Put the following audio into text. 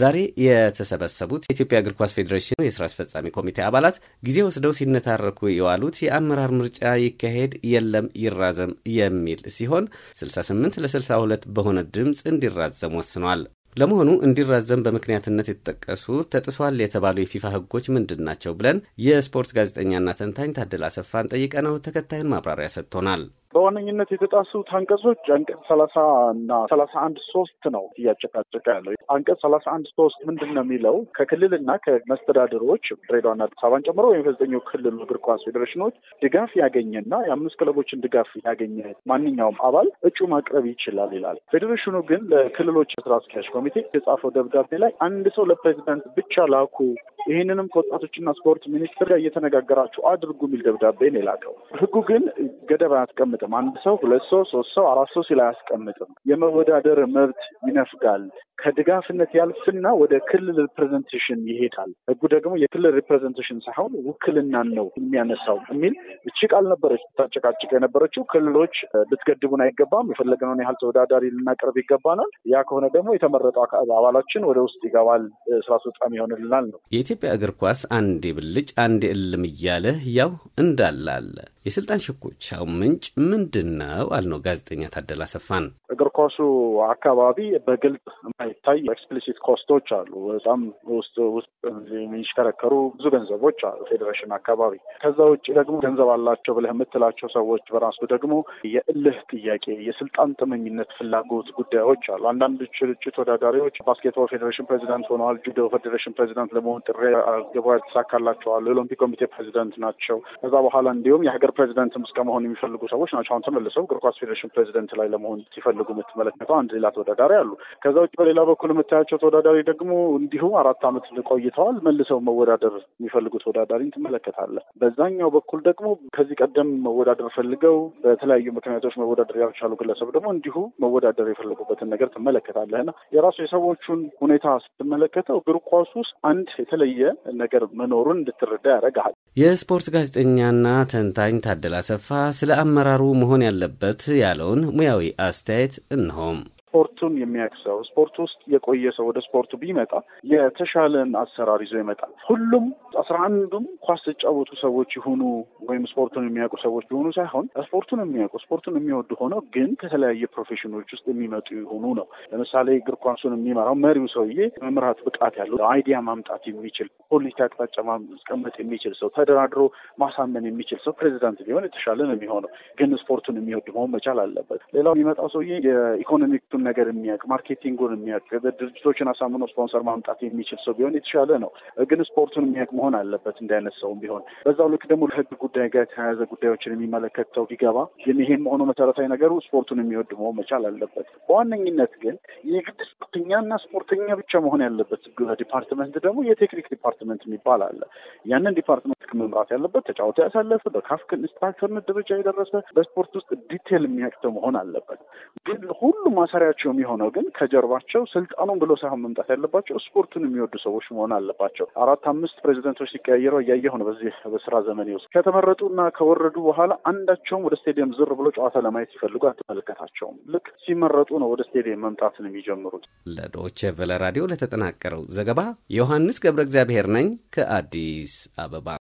ዛሬ የተሰበሰቡት የኢትዮጵያ እግር ኳስ ፌዴሬሽን የስራ አስፈጻሚ ኮሚቴ አባላት ጊዜ ወስደው ሲነታረኩ የዋሉት የአመራር ምርጫ ይካሄድ የለም ይራዘም የሚል ሲሆን 68 ለ62 በሆነ ድምፅ እንዲራዘም ወስኗል። ለመሆኑ እንዲራዘም በምክንያትነት የተጠቀሱ ተጥሷል የተባሉ የፊፋ ሕጎች ምንድን ናቸው ብለን የስፖርት ጋዜጠኛና ተንታኝ ታደል አሰፋን ጠይቀነው ተከታዩን ማብራሪያ ሰጥቶናል። በዋነኝነት የተጣሱት አንቀጾች አንቀጽ ሰላሳ እና ሰላሳ አንድ ሶስት ነው እያጨቃጨቀ ያለው። አንቀጽ ሰላሳ አንድ ሶስት ምንድን ነው የሚለው ከክልልና ከመስተዳድሮች ድሬዳዋና አዲስ አበባን ጨምሮ ወይም ከዘጠኙ ክልል እግር ኳስ ፌዴሬሽኖች ድጋፍ ያገኘና የአምስት ክለቦችን ድጋፍ ያገኘ ማንኛውም አባል እጩ ማቅረብ ይችላል ይላል። ፌዴሬሽኑ ግን ለክልሎች ስራ አስኪያጅ ኮሚቴ የጻፈው ደብዳቤ ላይ አንድ ሰው ለፕሬዚዳንት ብቻ ላኩ ይህንንም ከወጣቶችና ስፖርት ሚኒስትር ጋር እየተነጋገራችሁ አድርጉ የሚል ደብዳቤ ነው የላከው። ህጉ ግን ገደብ አያስቀምጠ አያስቀምጥም። አንድ ሰው ሁለት ሰው ሶስት ሰው አራት ሰው ሲል አያስቀምጥም። የመወዳደር መብት ይነፍጋል። ከድጋፍነት ያልፍና ወደ ክልል ሪፕሬዘንቴሽን ይሄዳል። ህጉ ደግሞ የክልል ሪፕሬዘንቴሽን ሳይሆን ውክልናን ነው የሚያነሳው የሚል እቺ ቃል ነበረች ታጨቃጭቅ የነበረችው። ክልሎች ልትገድቡን አይገባም፣ የፈለግነውን ያህል ተወዳዳሪ ልናቀርብ ይገባናል። ያ ከሆነ ደግሞ የተመረጠው አባላችን ወደ ውስጥ ይገባል፣ ስራ አስፈጻሚ ይሆንልናል ነው። የኢትዮጵያ እግር ኳስ አንዴ ብልጭ አንዴ እልም እያለ ያው እንዳላለ የስልጣን ሽኩቻው ምንጭ ምንድን ነው አልነው ጋዜጠኛ ታደላ ሰፋን እግር ኳሱ አካባቢ በግልጽ ሳይታይ ኤክስፕሊሲት ኮስቶች አሉ። በጣም ውስጥ ውስጥ የሚሽከረከሩ ብዙ ገንዘቦች አሉ ፌዴሬሽን አካባቢ። ከዛ ውጭ ደግሞ ገንዘብ አላቸው ብለህ የምትላቸው ሰዎች በራሱ ደግሞ የእልህ ጥያቄ፣ የስልጣን ጥመኝነት ፍላጎት ጉዳዮች አሉ። አንዳንድ እጩ ተወዳዳሪዎች ባስኬትቦል ፌዴሬሽን ፕሬዚዳንት ሆነዋል። ጁዶ ፌዴሬሽን ፕሬዚዳንት ለመሆን ጥሪ ገባ ተሳካላቸዋል። የኦሎምፒክ ኮሚቴ ፕሬዚዳንት ናቸው። ከዛ በኋላ እንዲሁም የሀገር ፕሬዚዳንትም እስከመሆን የሚፈልጉ ሰዎች ናቸው። አሁን ተመልሰው እግር ኳስ ፌዴሬሽን ፕሬዚደንት ላይ ለመሆን ሲፈልጉ የምትመለከተው አንድ ሌላ ተወዳዳሪ አሉ። ከዛ ውጭ በሌላ በኩል የምታያቸው ተወዳዳሪ ደግሞ እንዲሁ አራት ዓመት ቆይተዋል። መልሰው መወዳደር የሚፈልጉ ተወዳዳሪን ትመለከታለህ። በዛኛው በኩል ደግሞ ከዚህ ቀደም መወዳደር ፈልገው በተለያዩ ምክንያቶች መወዳደር ያልቻሉ ግለሰብ ደግሞ እንዲሁ መወዳደር የፈለጉበትን ነገር ትመለከታለህ እና የራሱ የሰዎቹን ሁኔታ ስትመለከተው እግር ኳሱ ውስጥ አንድ የተለየ ነገር መኖሩን እንድትረዳ ያደርግሃል። የስፖርት ጋዜጠኛና ተንታኝ ታደላ ሰፋ ስለ አመራሩ መሆን ያለበት ያለውን ሙያዊ አስተያየት እንሆም ስፖርቱን የሚያውቅ ሰው ስፖርት ውስጥ የቆየ ሰው ወደ ስፖርቱ ቢመጣ የተሻለን አሰራር ይዞ ይመጣል። ሁሉም አስራ አንዱም ኳስ ተጫወቱ ሰዎች ይሁኑ ወይም ስፖርቱን የሚያውቁ ሰዎች ቢሆኑ ሳይሆን ስፖርቱን የሚያውቁ ስፖርቱን የሚወዱ ሆነው ግን ከተለያየ ፕሮፌሽኖች ውስጥ የሚመጡ ይሆኑ ነው። ለምሳሌ እግር ኳሱን የሚመራው መሪው ሰውዬ መምራት ብቃት ያለው አይዲያ ማምጣት የሚችል ፖሊሲ አቅጣጫ ማስቀመጥ የሚችል ሰው ተደራድሮ ማሳመን የሚችል ሰው ፕሬዚዳንት ቢሆን የተሻለ ነው የሚሆነው። ግን ስፖርቱን የሚወድ መሆን መቻል አለበት። ሌላው የሚመጣው ሰውዬ የኢኮኖሚክቱን ነገር የሚያውቅ ማርኬቲንጉን የሚያውቅ ድርጅቶችን አሳምኖ ስፖንሰር ማምጣት የሚችል ሰው ቢሆን የተሻለ ነው። ግን ስፖርቱን የሚያውቅ መሆን አለበት። እንዳይነት ሰውም ቢሆን በዛው ልክ ደግሞ ለህግ ጉዳይ ጋር የተያያዘ ጉዳዮችን የሚመለከት ሰው ቢገባ ግን ይሄን መሆኑ መሰረታዊ ነገሩ ስፖርቱን የሚወድ መሆን መቻል አለበት። በዋነኝነት ግን የግድ ስፖርተኛና ስፖርተኛ ብቻ መሆን ያለበት ዲፓርትመንት ደግሞ የቴክኒክ ዲፓርትመንት የሚባል አለ። ያንን ዲፓርትመንት መምራት ያለበት ተጫውቶ ያሳለፈ በካፍ ኢንስትራክተርነት ደረጃ የደረሰ በስፖርት ውስጥ ዲቴል የሚያውቅ መሆን አለበት። ግን ሁሉ ማሰሪያ መሳሪያቸው የሚሆነው ግን ከጀርባቸው ስልጣኑን ብሎ ሳይሆን መምጣት ያለባቸው ስፖርቱን የሚወዱ ሰዎች መሆን አለባቸው። አራት አምስት ፕሬዚደንቶች ሲቀያየረው እያየሁ ነው። በዚህ በስራ ዘመን ውስጥ ከተመረጡና ከወረዱ በኋላ አንዳቸውም ወደ ስቴዲየም ዝር ብሎ ጨዋታ ለማየት ሲፈልጉ አትመለከታቸውም። ልክ ሲመረጡ ነው ወደ ስቴዲየም መምጣትን የሚጀምሩት። ለዶቼ ቨለ ራዲዮ ለተጠናቀረው ዘገባ ዮሐንስ ገብረ እግዚአብሔር ነኝ ከአዲስ አበባ